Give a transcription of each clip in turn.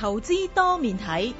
投資多面睇，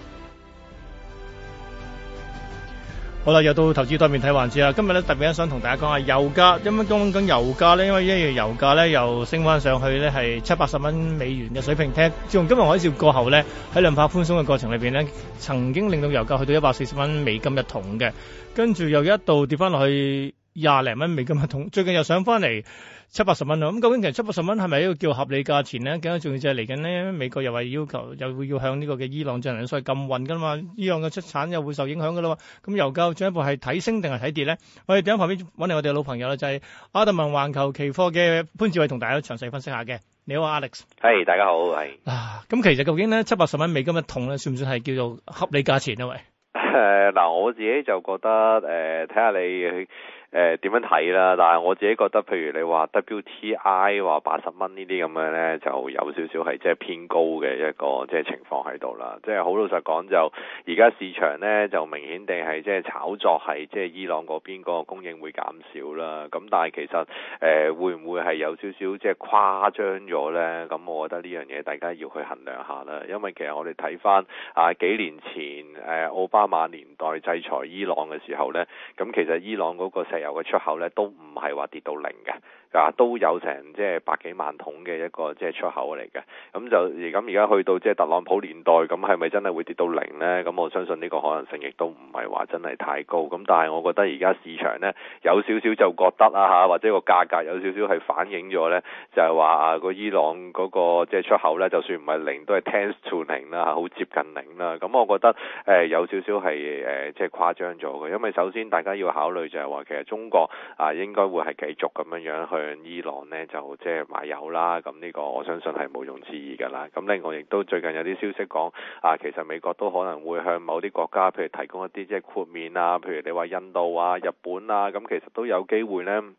好啦，又到投資多面睇環節啦。今日咧特別想同大家講下油價，因為剛剛油價咧，因為價，呢因為油價咧又升翻上去咧，係七八十蚊美元嘅水平聽。自從金融海嘯過後咧，喺量化寬鬆嘅過程裏邊咧，曾經令到油價去到一百四十蚊美金一桶嘅，跟住又一度跌翻落去。廿零蚊美金一桶，最近又上翻嚟七八十蚊啦。咁究竟其實七八十蚊係咪一個叫合理價錢咧？更加重要就係嚟緊咧，美國又話要求又會要向呢個嘅伊朗進行再禁運噶嘛？伊朗嘅出產又會受影響噶啦。咁油價進一步係睇升定係睇跌咧？我哋點解旁邊搵嚟我哋嘅老朋友咧，就係、是、亞達盟環球期貨嘅潘志偉，同大家詳細分析下嘅。你好，Alex。係，hey, 大家好，係。咁、啊、其實究竟咧七八十蚊美金一桶咧，算唔算係叫做合理價錢咧？喂，誒嗱，我自己就覺得誒，睇、呃、下你。誒點樣睇啦？但係我自己覺得，譬如你話 WTI 話八十蚊呢啲咁樣呢，就有少少係即係偏高嘅一個即係情況喺度啦。即係好老實講，就而家市場呢，就明顯地係即係炒作係即係伊朗嗰邊嗰個供應會減少啦。咁但係其實誒、呃、會唔會係有少少即係誇張咗呢？咁我覺得呢樣嘢大家要去衡量下啦。因為其實我哋睇翻啊幾年前誒、啊、奧巴馬年代制裁伊朗嘅時候呢，咁其實伊朗嗰個油嘅出口咧，都唔係話跌到零嘅，啊都有成即係百幾萬桶嘅一個即係出口嚟嘅。咁就而咁而家去到即係特朗普年代，咁係咪真係會跌到零咧？咁、嗯、我相信呢個可能性亦都唔係話真係太高。咁、嗯、但係我覺得而家市場咧有少少就覺得啊嚇，或者個價格有少少係反映咗咧，就係、是、話個伊朗嗰個即係出口咧，就算唔係零都係 ten to 零啦，好接近零啦。咁、嗯、我覺得誒、呃、有少少係誒即係誇張咗嘅，因為首先大家要考慮就係話其實。中國啊，應該會係繼續咁樣樣向伊朗呢，就即係買油啦。咁呢個我相信係毋庸置疑噶啦。咁另外亦都最近有啲消息講，啊，其實美國都可能會向某啲國家，譬如提供一啲即係豁免啊，譬如你話印度啊、日本啊，咁其實都有機會呢。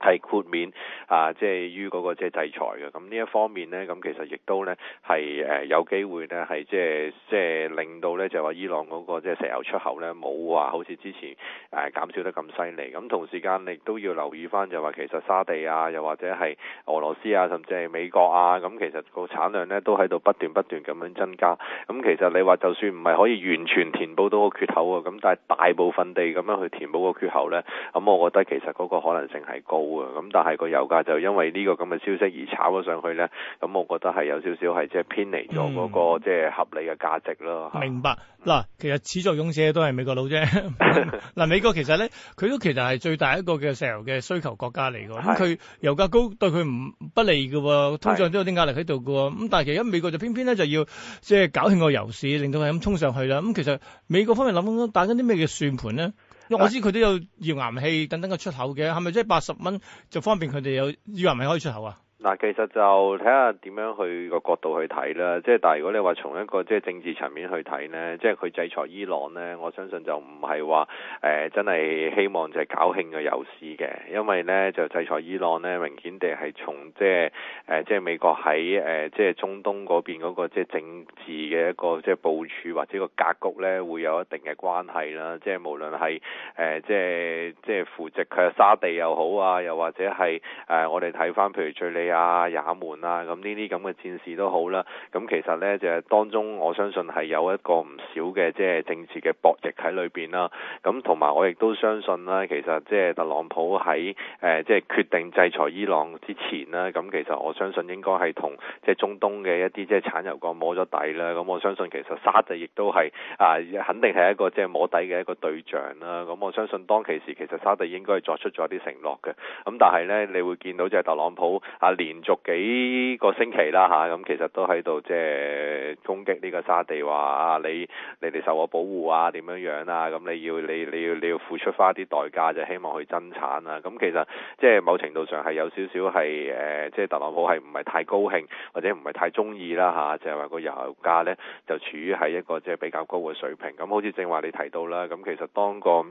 係豁免，啊，即係於嗰個即係制裁嘅。咁呢一方面呢，咁其實亦都呢係誒有機會呢，係即係即係令到呢，就話伊朗嗰個即係石油出口呢，冇話好似之前誒減少得咁犀利。咁同時間你亦都要留意翻就話其實沙地啊，又或者係俄羅斯啊，甚至係美國啊，咁其實個產量呢都喺度不斷不斷咁樣增加。咁其實你話就算唔係可以完全填補到個缺口啊，咁但係大部分地咁樣去填補個缺口呢，咁我覺得其實嗰個可能性係高。咁但係個油價就因為呢個咁嘅消息而炒咗上去咧，咁我覺得係有少少係即係偏離咗嗰個即係合理嘅價值咯。嗯、是明白嗱，嗯、其實始作俑者都係美國佬啫。嗱 美國其實咧，佢都其實係最大一個嘅石油嘅需求國家嚟嘅。咁佢、 嗯、油價高對佢唔不,不利嘅，通脹都有啲壓力喺度嘅。咁 但係而家美國就偏偏咧就要即係、就是、搞興個油市，令到佢咁衝上去啦。咁、嗯、其實美國方面諗緊打緊啲咩嘅算盤咧？因為我知佢都有頁岩氣等等嘅出口嘅，係咪即係八十蚊就方便佢哋有頁岩氣可以出口啊？嗱，其實就睇下點樣去個角度去睇啦。即係但係如果你話從一個即係政治層面去睇呢，即係佢制裁伊朗呢，我相信就唔係話誒真係希望就係搞興個油市嘅，因為呢就制裁伊朗呢，明顯地係從即係誒即係美國喺誒即係中東嗰邊嗰個即係政治嘅一個即係部署或者個格局呢，會有一定嘅關係啦。即係無論係誒即係即係扶植佢沙地又好啊，又或者係誒、呃、我哋睇翻譬如敘利，啊，也門啊，咁呢啲咁嘅戰事都好啦。咁其實呢，就係、是、當中，我相信係有一個唔少嘅即係政治嘅博弈喺裏邊啦。咁同埋我亦都相信啦，其實即係特朗普喺誒即係決定制裁伊朗之前啦，咁其實我相信應該係同即係中東嘅一啲即係產油國摸咗底啦。咁、嗯、我相信其實沙特亦都係啊，肯定係一個即係、就是、摸底嘅一個對象啦。咁、嗯、我相信當其時其實沙特應該係作出咗一啲承諾嘅。咁但係呢，你會見到即係特朗普啊。連續幾個星期啦嚇，咁其實都喺度即係攻擊呢個沙地，話啊你你哋受我保護啊點樣樣啊，咁你要你你要你要付出返啲代價就希望去增產啊，咁其實即係某程度上係有少少係誒，即係特朗普係唔係太高興或者唔係太中意啦嚇，就係話個油價呢，就處於係一個即係比較高嘅水平，咁好似正話你提到啦，咁其實當個。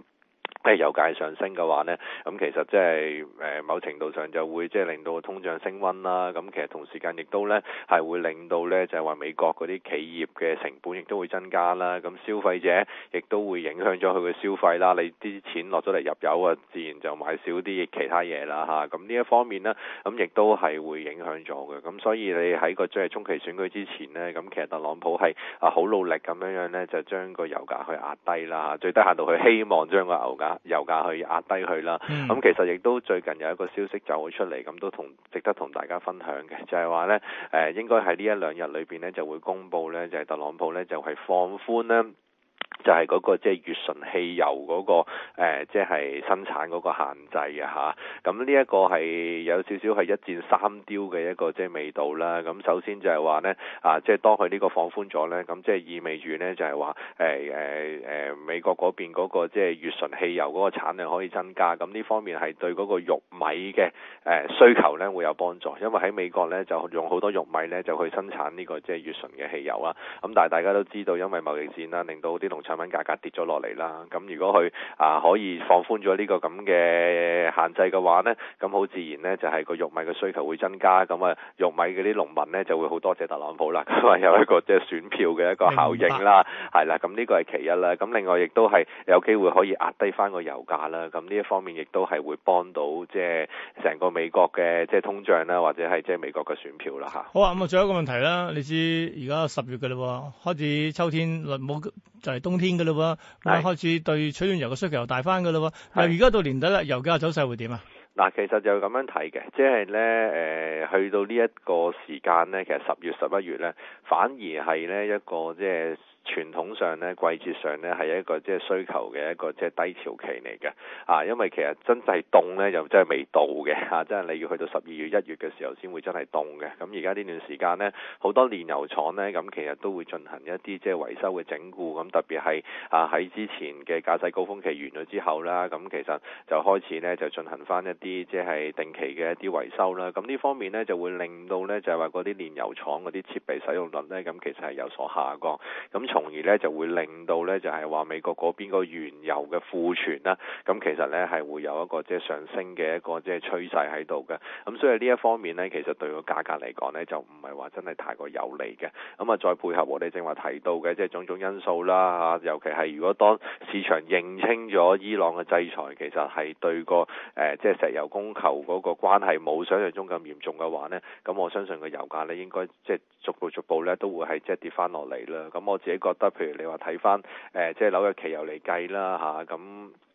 即係油價上升嘅話呢，咁其實即係誒某程度上就會即係令到通脹升溫啦。咁其實同時間亦都呢係會令到呢，就係話美國嗰啲企業嘅成本亦都會增加啦。咁消費者亦都會影響咗佢嘅消費啦。你啲錢落咗嚟入油啊，自然就買少啲其他嘢啦嚇。咁呢一方面呢，咁亦都係會影響咗嘅。咁所以你喺個即係中期選舉之前呢，咁其實特朗普係啊好努力咁樣樣呢，就將個油價去壓低啦，最低限度，佢希望將個油。油價去壓低佢啦，咁、mm. 嗯、其實亦都最近有一個消息就會出嚟，咁都同值得同大家分享嘅，就係話咧誒應該喺呢一兩日裏邊咧就會公布咧，就係、是、特朗普咧就係、是、放寬咧。就係嗰、那個即係乙醇汽油嗰、那個即係、呃就是、生產嗰個限制嘅嚇。咁呢一個係有少少係一箭三雕嘅一個即係、就是、味道啦。咁首先就係話呢，啊即係、就是、當佢呢個放寬咗呢，咁即係意味住呢、欸欸那個，就係話誒誒誒美國嗰邊嗰個即係乙醇汽油嗰個產量可以增加。咁呢方面係對嗰個玉米嘅誒、呃、需求呢會有幫助，因為喺美國呢，就用好多玉米呢，就去生產呢、這個即係乙醇嘅汽油啊。咁但係大家都知道，因為貿易戰啦、啊，令到啲農產品價格跌咗落嚟啦，咁如果佢啊可以放寬咗呢個咁嘅限制嘅話呢，咁好自然呢就係、是、個玉米嘅需求會增加，咁啊玉米嗰啲農民呢就會好多謝特朗普啦，咁啊有一個即係、就是、選票嘅一個效應啦，係 0. 5. 啦，咁呢個係其一啦，咁另外亦都係有機會可以壓低返個油價啦，咁呢一方面亦都係會幫到即係成個美國嘅即係通脹啦，或者係即係美國嘅選票啦嚇。好啊，咁、嗯、啊，仲有一個問題啦，你知而家十月嘅嘞，開始秋天冇就係冬。天嘅咯，是開始對取暖油嘅需求又大翻嘅咯，係而家到年底啦，油價走勢會點啊？嗱、就是呃，其實就咁樣睇嘅，即係咧，誒，去到呢一個時間咧，其實十月、十一月咧，反而係咧一個即係。就是傳統上咧，季節上咧係一個即係需求嘅一個即係低潮期嚟嘅，啊，因為其實真係凍呢，又真係未到嘅，啊，真係你要去到十二月一月嘅時候先會真係凍嘅。咁而家呢段時間呢，好多煉油廠呢，咁其實都會進行一啲即係維修嘅整固，咁特別係啊喺之前嘅駕駛高峰期完咗之後啦，咁其實就開始呢，就進行翻一啲即係定期嘅一啲維修啦。咁呢方面呢，就會令到呢，就係話嗰啲煉油廠嗰啲設備使用率呢，咁其實係有所下降。咁從而咧就會令到咧就係、是、話美國嗰邊個原油嘅庫存啦，咁、嗯、其實咧係會有一個即係上升嘅一個即係趨勢喺度嘅。咁、嗯、所以呢一方面咧，其實對個價格嚟講咧就唔係話真係太過有利嘅。咁、嗯、啊再配合我哋正話提到嘅即係種種因素啦，尤其係如果當市場認清咗伊朗嘅制裁其實係對個誒即係石油供求嗰個關係冇想像中咁嚴重嘅話咧，咁、嗯、我相信個油價咧應該即係逐步逐步咧都會係即係跌返落嚟啦。咁、嗯、我自己覺得譬如你話睇翻誒，即係紐約期又嚟計啦吓咁。啊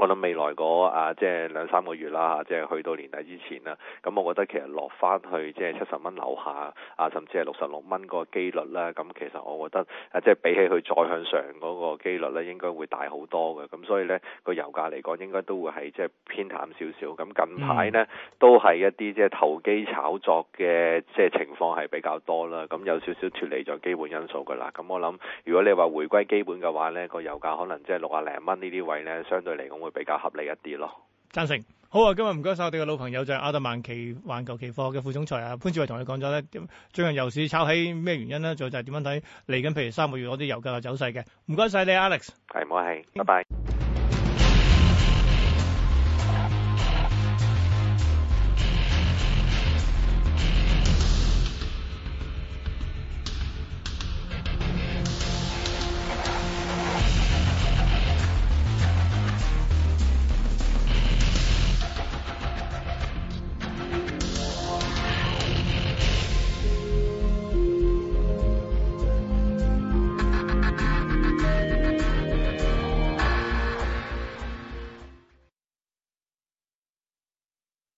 我諗未來嗰啊，即係兩三個月啦，即係去到年底之前啦。咁、嗯、我覺得其實落翻去即係七十蚊樓下，啊甚至係六十六蚊個機率啦。咁、嗯、其實我覺得啊，即係比起佢再向上嗰個機率咧，應該會大好多嘅。咁、嗯、所以咧，個油價嚟講應該都會係即係偏淡少少。咁、嗯、近排呢，都係一啲即係投機炒作嘅即係情況係比較多啦。咁、嗯、有少少脫離咗基本因素嘅啦。咁、嗯、我諗如果你話回歸基本嘅話咧，個油價可能即係六廿零蚊呢啲位咧，相對嚟講會，比較合理一啲咯，贊成。好啊，今日唔該晒我哋嘅老朋友就係亞達盟環球期貨嘅副總裁啊潘志偉，同你講咗咧最近油市炒起咩原因咧、啊？再就係點樣睇嚟緊，譬如三個月攞啲油價嘅走勢嘅。唔該晒你，Alex。係唔該，你。拜拜。拜拜。